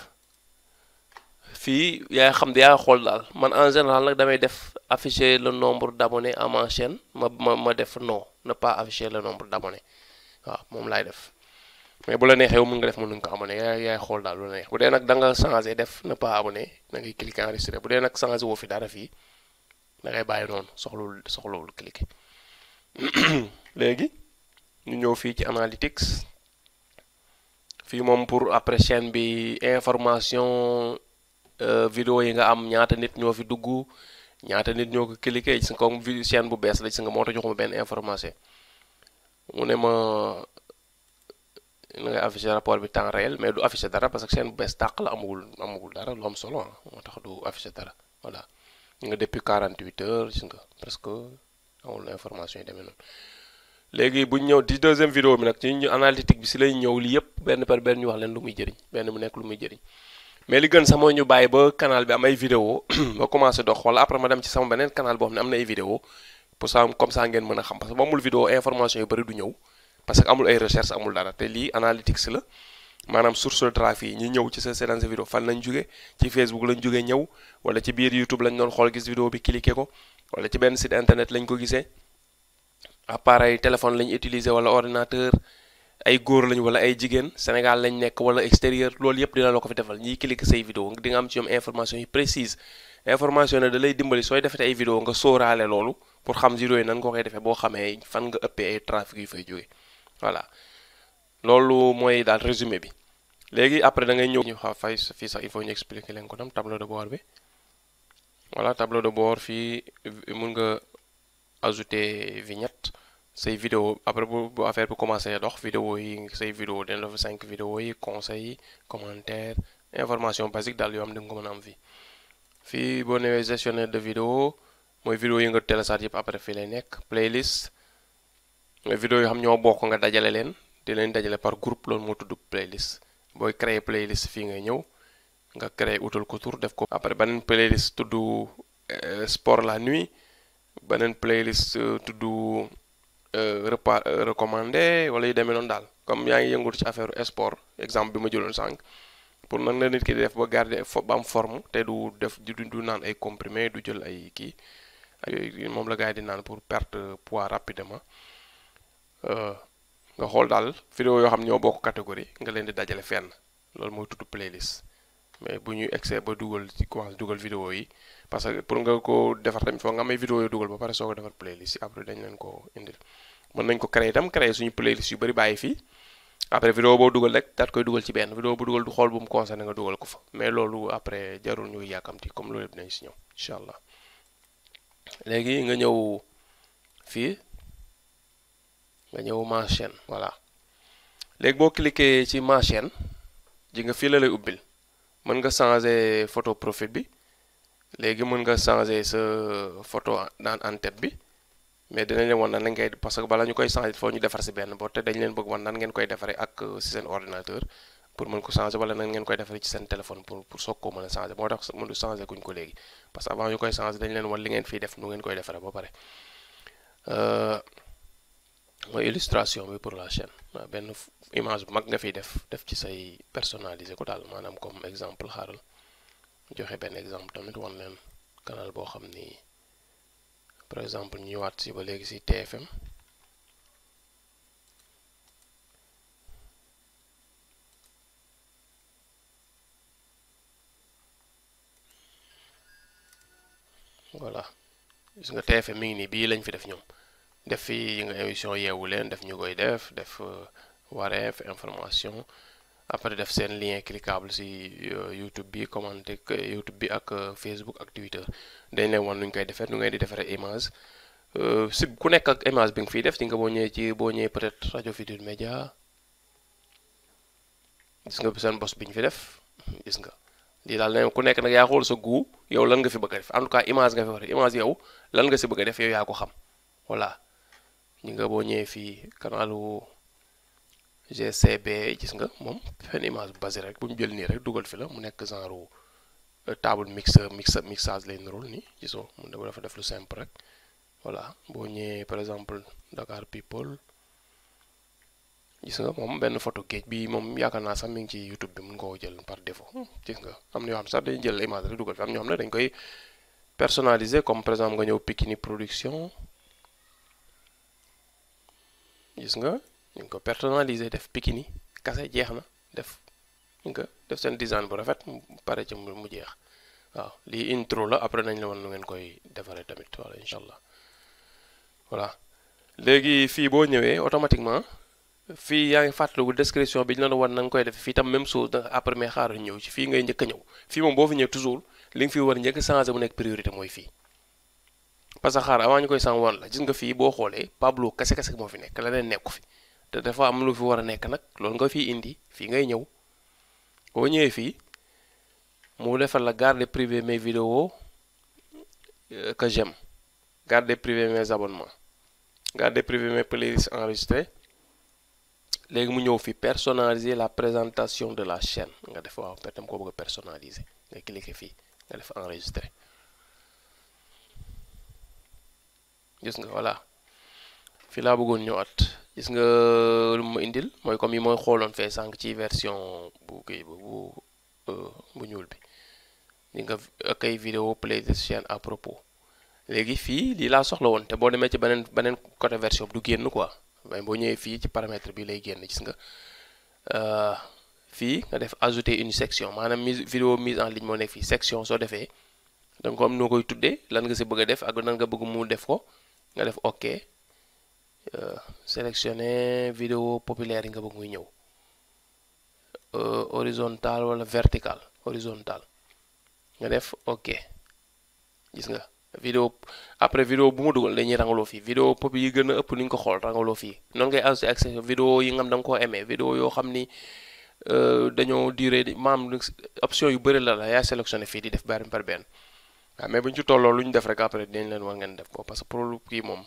fii yaay xam de yaay xool daal man en général nag damay def afficher le nombre d'abonnés à ma chaîne ma ma ma def non ne pas afficher le nombre d'abonnés waaw moom laay def mais bu la neexee yow mën nga def mën nañu ko abonné yaay yaay xool daal lu la neex bu dee nag da nga changé def ne pas abonné da ngay cliquer enregistré bu dee nag changé woo fi dara fii da ngay bàyyi noonu soxlawul soxlawul [clears throat] léegi ñu ñëw fii ci analytics fii moom pour après chaîne bi information euh, vidéo yi nga am ñaata nit ñoo fi dugg ñaata nit ñoo ko cliquer gis nga comme chaîne bu bees la gis nga moo tax joxuma benn information mu ne ma na ngay affiché rapport bi temps réel mais du affiché dara parce que seen bu bees tàq la amagul amagul dara lu am solo ah moo tax du affiché dara voilà ñu nga depuis 48 heures gis nga presque amul information yi demee noonu léegi bu ñëw di deuxième vidéo bi nag ci ñu analytique bi si lay ñëw li yëpp benn par benn ñu wax leen lu muy jëriñ benn mu nekk lu muy jëriñ mais li gën sax mooy ñu bàyyi ba kanaal bi am ay vidéo [clears throat] ba commencé dox wala après ma dem ci sama beneen canal boo am na pour ça comme ça ngeen mën a xam parce que bu amul vidéo information yu bëri du ñëw parce que amul ay recherche amul dara te lii analytics la maanaam source de yi ñu ñëw ci sa séance vidéo fan lañu jóge ci Facebook lañ jóge ñëw wala ci biir YouTube lañ doon xool gis vidéo bi cliquer ko wala ci benn site internet lañ ko gisee appareil téléphone lañ utiliser wala ordinateur ay góor lañu wala ay jigéen Sénégal lañ nekk wala extérieur loolu yëpp dina la ko fi defal ñiy cliquer say vidéo di nga am ci ñoom information yu précise lay dimbali sooy defete ay vidéo nga sóoraale loolu pour xam zero yi nan ko koy defee boo xamee fan nga ëppee ay trafic yu fay jóge voilà loolu mooy daal résumé bi léegi après da ngay ñëw ñu xa fay fii sax il faut ñu expliquer leen ko tam tableau de bord bi voilà tableau de bord fii mun nga ajouter vignette say vidéo après bu bu affaire bi commencé dox vidéo yi say vidéo dina la fa cinq vidéo yi conseil commentaires information basique daal yoo am da nga ko mën am fii fii boo newee gestionnaire mooy vidéo yi nga télécharge yëpp après fi lay nekk playlist mooy vidéo yoo xam ñoo bokk nga dajale leen di leen dajale par group loolu moo tudd playlist booy créer playlist fii ngay ñëw nga créer utal ko tur def ko. après beneen playlist tudd euh, sport la nuit beneen playlist euh, tudd euh, repas recommandé wala yu demee noonu daal comme yaa ngi yëngu ci affaire sport exemple bi ma jëloon sànq. pour nan la nit ki def ba garder ba am forme te du def du naan ay comprimé du jël ay kii ak yooyu moom la gars yi di naan pour perte poids rapidement euh, nga xool daal vidéo yoo xam ñoo bokk catégorie nga leen di dajale fenn loolu mooy tudd playlist mais bu ñuy excès ba dugal ci dugal vidéo yi parce que pour nga ko defar tamit foog nga amay vidéo yoo dugal ba pare soo ko ko indil mën nañ ko créer itam yu bëri bàyyi fii après vidéo boo dugal rek daat koy dugal ci benn xool bu mu concerné nga ko fa mais loolu après jarul ñuy yàkkamti comme loolu yëpp dinañ si ñëw incha allah léegi nga ñëw fii nga ñëw ma chaîne voilà léegi boo cliquer ci ma chaîne ji nga fii la lay ubbil mën nga changer photo profit bi léegi mën nga changer sa photo daan en tête bi mais dinañ leen wan nan lañ parce que balaa ñu koy changer foo ñu defar si benn boo te dañ leen bëgg wan nan ngeen koy defaree ak si seen ordinateur pour mën ko changer wala nan ngeen koy defaree ci seen téléphone pour pour soog koo mën a changer moo tax mënu changer kuñ ko léegi parce que avant ñu koy changer dañ leen wan li ngeen fiy def nu ngeen koy defaree ba pare euh, mooy illustration bi pour la chaîne benn image bu mag nga fiy def def ci say personnaliser ko daal maanaam comme exemple xaaral joxe benn exemple tamit wan leen canal boo xam ni par exemple ñëwaat si ba léegi si TFM voilà gis nga TFM mi ngi nii bii lañ fi def ñoom def fii yi nga émission yeewu leen def ñu koy def def euh, wareef information après def seen lien cliquable si euh, YouTube bi commenté YouTube bi ak euh, Facebook ak Twitter dañ leen wan nu ñu koy defee nu ngay di defaree image si ku nekk ak image bi nga fiy def ci nga boo ñëwee ci boo ñëwee peut-être rajo Futurs Médias gis nga bu seen bos bi ñu fi def gis nga. lii daal ne ku nekk nag yaa xool sa goût yow lan nga fi bëgg a def en tout cas image nga fi war image nga si bëgg a def yow yaa ko xam voilà ñu nga boo ñëwee fii kanalu GCB gis nga moom fenn image bu basé rek bu ñu jël nii rek dugal fi la mu nekk genre euh, table mixeur mixeur mixage lay niróol nii gisoo mu dafa def lu simple rek voilà boo ñëwee par exemple Dakar People gis nga moom benn photo bi moom yaakaar naa sax mi ngi ci YouTube bi koo jël par défaut hmm, gis nga am na yoo xam sax dañuy jël image rek dugal fi am ñoo xam ne dañ koy personnaliser comme par exemple nga nga ñu ngi ko personnaliser def Pikini kase jeex na def nga def seen design bu rafet pare ci mu jeex waaw lii intro la après nañ la woon nu ngeen koy defaree tamit wala incha allah léegi fii boo ñëwee automatiquement. fii yaa ngi fàttaliku description bi ñu la war na nga koy def fii tam même chose danga après mais xaaral ñëw ci fii ngay njëkk a ñëw fii moom boo fi ñëw toujours li nga fi war njëkk changé mu nekk priorité mooy fii parce que xaar avant ñu koy sànq woon la gis nga fii boo xoolee Pablo kese kese moo fi nekk leneen nekku fi te dafa am lu fi war a nekk nag loolu nga fii indi fii ngay ñëw boo ñëwee fii mu defal la garde privé mes vidéos euh, que j'aime garde privé mes abonnements garde privé léegi mu ñëw fii personnaliser la présentation de la chaine nga def waaw dama ko bëgg a personnaliser nga cliquer fii nga def enregistrer gis nga voilà fii laa bëggoon ñëw at gis nga euh, lu mu indil mooy comme yi mooy xooloon fee sànq ci version bu kii bu bu euh, ñuul bi di nga kay vidéo play this chaîne à propos léegi fii lii laa soxla woon te boo demee ci beneen beneen côté version bi du génn quoi mais boo ñëwee fii ci paramètre bi lay génn gis nga euh, fii nga def ajouter une section maanaam mise vidéo mise en ligne moo nekk fii section soo defee donc comme noo koy tuddee lan nga si bëgg a def ak lan nga bëgg mu def ko nga def ok euh, sélectionner video populaire yi nga bëgg muy ñëw euh, horizontal wala vertical horizontal nga def ok gis nga vidéo après vidéo bu ma dugal dañuy rangaloo fii vidéo pop yi gën a ëpp ni ñu ko xool rangaloo fii noonu ngay ajouté accès vidéo yi nga xam da nga koo aimé yoo xam ni euh, dañoo duré maam option yu bëri la la yaa sélectionné fii di def bari par benn waaw mais bu ñu ci tolloo lu ñu def rek après dañ leen war ngeen def ko parce que pour kii moom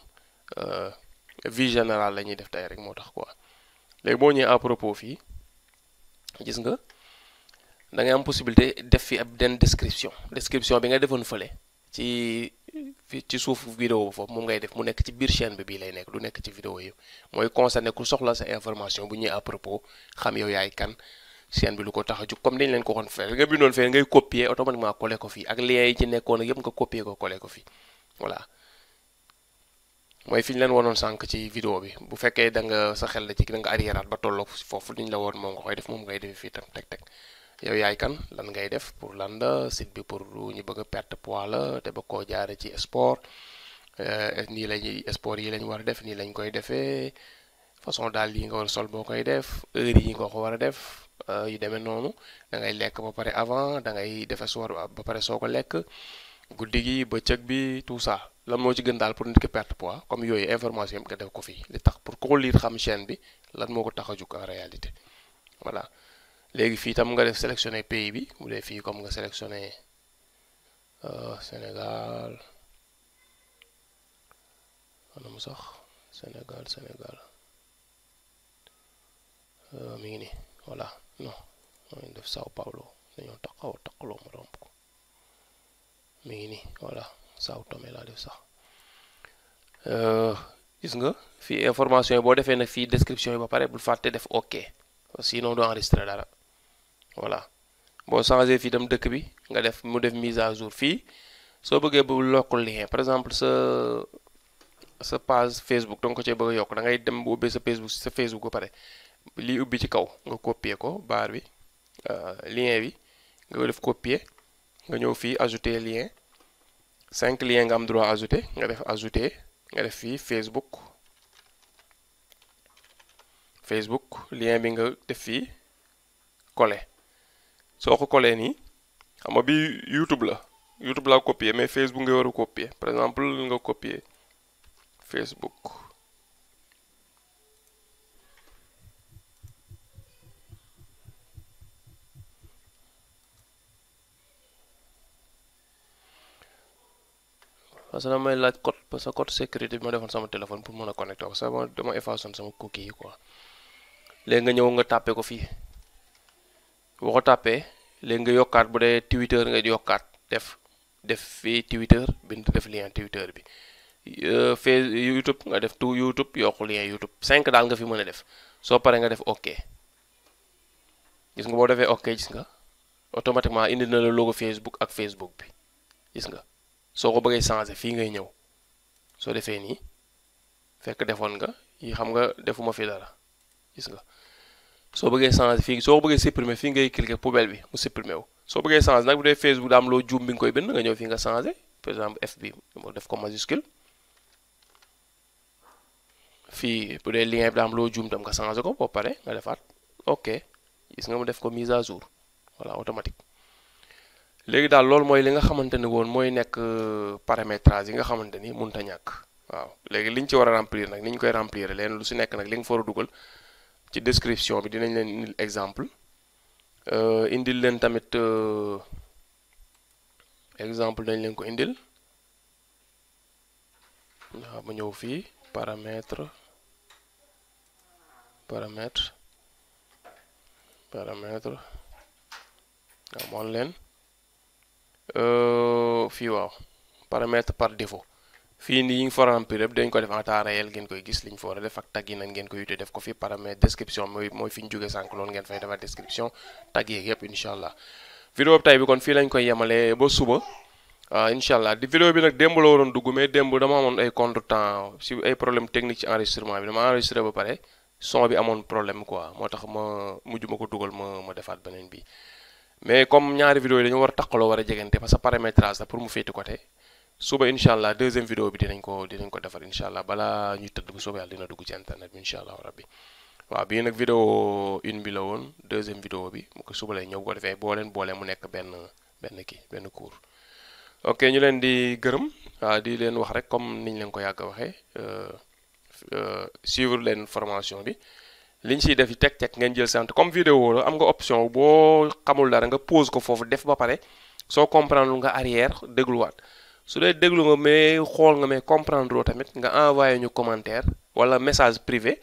euh, vie générale la ñuy def tey rek moo tax quoi léegi boo ñëwee à propos fii gis nga da ngay am possibilité def fi ab den description description bi nga defoon fële ci ci suufu vidéo foofu moom ngay def mu nekk ci biir chaîne bi bii lay nekk du nekk ci vidéo yi mooy concerné ku soxla sa information bu ñuy à xam yow yaay kan chaîne bi lu ko tax a jug comme dañ leen ko waxoon fee nga bindoon fee ngay copier automatiquement coller ko fii ak lien yi ci nekkoon yëpp nga copier ko coller ko fii voilà mooy fi ñu leen wanoon sànq ci vidéo bi bu fekkee da nga sa xel la ci da nga arriéraat ba tolloog foofu li la woon moom koy def moom ngay defee fii tam teg teg. yow yaay kan lan ngay def pour lan la site bi pour ñu bëgg a perte poids la te ba koo jaare ci sport euh, nii lañuy sport yi lañ war a def nii lañ koy defee façon daal yi nga war a sol boo koy def heure yi nga ko war a def euh, yu demee noonu da ngay lekk ba pare avant da ngay defe soor ba pare soo ko lekk guddi gi bëccëg bi tout ça lan moo ci gën daal pour nit ki perte pois comme yooyu information bi nga def ko fi li tax pour ko liir xam chaine bi lan moo ko tax a jug réalité voilà léegi fii tam nga def sélectionné pays bi bu dee fii comme nga sélectionné euh, Sénégal ana mu sax Sénégal Sénégal euh, mi ngi nii voilà non mooy def Sao Paulo dañoo taxaw taxaloo ma ko mi ngi nii voilà Sao Tomé laa def sax euh, gis nga fii information yi boo defee nag fii description yi ba pare bul fàtte def ok sinon doo enregistré dara voilà boo changé fii tam dëkk bi nga def mu def mise à jour fii soo bëggee bu lokk lien par exemple sa sa page Facebook danga ko cee bëgg a yokk da ngay dem bu ubbee sa Facebook sa Facebook ba pare lii ubbi ci kaw nga copier ko baar bi euh, lien bi nga def nga ñëw fii ajouter lien cinq lien nga am droit ajouter nga def ajouter nga def fii Facebook Facebook lien bi nga def fii coller soo ko kolee nii xam nga bi YouTube la YouTube laa copier mais Facebook ngay war a par exemple nga copier Facebook parce que damay laaj code parce que sécurité bi ma defoon sama téléphone pour mën a connecté parce que dama dama sama cookie yi quoi léegi nga ñëw nga tàppe ko fii boo ko tàppee léegi nga yokkaat bu dee Twitter nga yokkaat def def fii Twitter bind def lien Twitter bi fee YouTube nga def tout YouTube yokku lien YouTube 5 daal nga fi mën a def soo paree nga def OK gis nga boo defee OK gis nga automatiquement indi na la logo Facebook ak Facebook bi gis nga soo ko bëggee changé fii ngay ñëw soo defee nii fekk defoon nga yi xam nga defuma fi dara gis nga. soo bëggee changer fii soo bëggee supprimer fii ngay cliquer poubelle bi mu supprimer wu soo bëggee changer nag bu dee Facebook daa am loo juum bi nga koy bind nga ñëw fii nga changer par exemple F bi def ko majuscule fii bu dee lien bi daa juum tam nga changer ko ba pare nga defaat ok gis nga mu def ko mise à jour voilà automatique léegi daal loolu mooy li nga xamante ni woon mooy nekk euh, paramétrage yi nga xamante ni mënut a ñàkk waaw léegi liñ ci war a remplir nag ni ñu koy remplir leen lu si nekk nag li nga fa a dugal ci description bi dinañ leen indil exemple euh, indil leen tamit euh, exemple dañ leen ko indil waaw ñëw fii paramètre paramètre paramètre waaw moon leen euh, fii waaw paramètre par défaut fii nii yi nga fa remplir yëpp dañ ko def en temps réel ngeen koy gis liñ fa war a def ak tag yi nan ngeen koy yute def ko fi paramètre description mooy mooy fi ñu jógee sànq loolu ngeen fay defar description tag yëpp incha allah vidéo bi ba suba ah, incha allah di vidéo bi nag démb la waroon dugg mais démb dama amoon ay contretemps si ay problème technique ci enregistrement bi dama enregistré ba pare son bi amoon problème quoi moo tax ma mujj ma ko dugal ma defaat beneen bi mais comme ñaari vidéo a a jegante parce que paramétrage la pour mu féeti côté suba incha allah deuxième vidéo bi dinañ ko dinañ ko defar incha allah balaa ñuy tëdd bu soobee yàlla dina dugg ci internet bi incha allah rabbi waaw bii nag vidéo une bi la woon deuxième vidéo bi mu ko suba lay ñëw bu ko defee boo leen nekk benn benn kii benn cours. ok ñu leen di gërëm di leen wax rek comme ñu leen ko yàgg a waxee euh, euh, suivre leen formation bi liñ siy def yi teg teg ngeen jël sant comme vidéo la am nga option boo xamul dara nga pause ko foofu def ba pare soo comprendre nga arrière dégluwaat. su dee déglu nga mais xool nga may comprendre tamit nga envoyé ñu commentaire wala message privé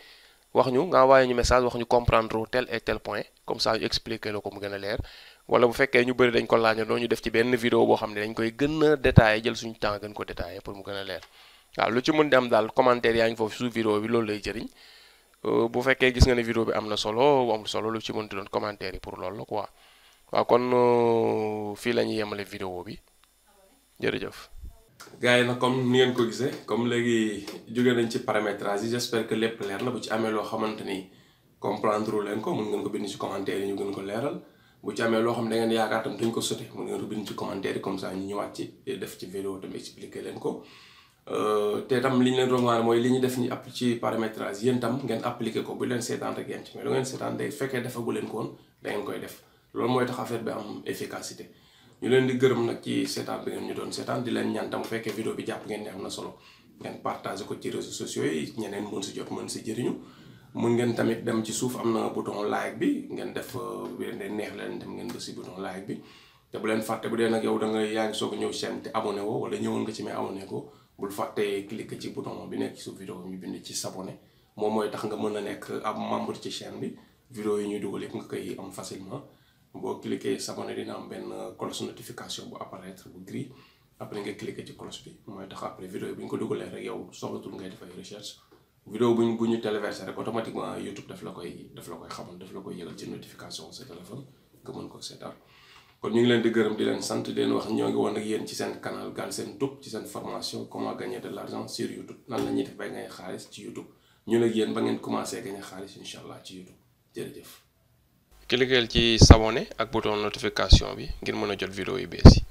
wax ñu nga envoyé ñu message wax ñu comprendre tel et tel point comme ça ñu expliqué la ko mu gën leer wala bu fekkee ñu bëri dañ ko laaj doo ñu def ci benn vidéo boo xam ne dañ koy gën a jël suñu temps ko détaillé pour mu gën a leer waaw lu ci mën di am daal yaa ngi foofu sous vidéo bi loolu lay jëriñ euh, bu fekkee gis nga ne vidéo bi am na solo bu amul lu ci mën di doon commentaire yi pour loolu la quoi kon euh, fii la ñuy yemale vidéo bi jërëjëf. gars yi nag comme ni ngeen ko gisee comme léegi jóge nañ ci paramétrage yi j'espère que lépp leer na bu ci amee loo xamante ni comprendre leen ko mun ngeen ko bind ci commentaire yi ñu gën ko leeral bu ci amee loo xam ne da ngeen yaakaar tam duñ ko sote mun ngeen ko bind ci commentaire yi comme ça ñu ñëwaat ci def ci vidéo tam expliquer leen ko. Euh, te tam li ñu leen doon wax mooy li ñu def ñu app ci paramétrage yéen tam ngeen appliqué ko bu leen seetaan rek yéen ci mais lu ngeen seetaan day fekkee defagu leen ko woon da koy def loolu mooy tax affaire bi am efficacité. ñu leen di gërëm nag ci seetaan bi ngeen ñu doon seetaan di leen ñaan tam fekkee vidéo bi jàpp ngeen ne am na solo ngeen partagé ko ci réseaux sociaux yi ñeneen mën si jot mën si jëriñu mun ngeen tamit dem ci suuf am na bouton like bi ngeen def euh, bu neex leen dem ngeen ba si bouton like bi te bu leen fàtte bu dee nag yow da nga yaa ngi ñëw chaîne te abonné woo wala ñëwoon nga ci mais abonné ko bul fàtte cliquer ci bouton bi nekk ci suuf vidéo ñu bind ci s'abonner moom mooy tax nga mën a nekk ab membre ci chaîne bi vidéo yi ñuy dugal yëpp nga koy am boo cliquer s'abonner dina am benn euh, cloche notification bu apparaître bu gris après nga cliquer ci cloche bi mooy tax après vidéo bi ñu ko dugalee rek yow soxlatul ngay def recherche vidéo bu ñu téléversé rek automatiquement YouTube daf la koy daf la koy xamal daf la koy yëgal ci notification sa téléphone nga mën ko seetaan kon ñu ngi leen di gërëm di leen sant di leen wax ñoo ngi wan ak yéen ci seen canal Galsen Tube ci seen formation comment gagner de xaalis ci YouTube ñun yéen ba ngeen commencé gagner xaalis incha allah ci YouTube cliquer ci s'abonner ak bouton notification bi ngir mën a jot vidéo yu bees yi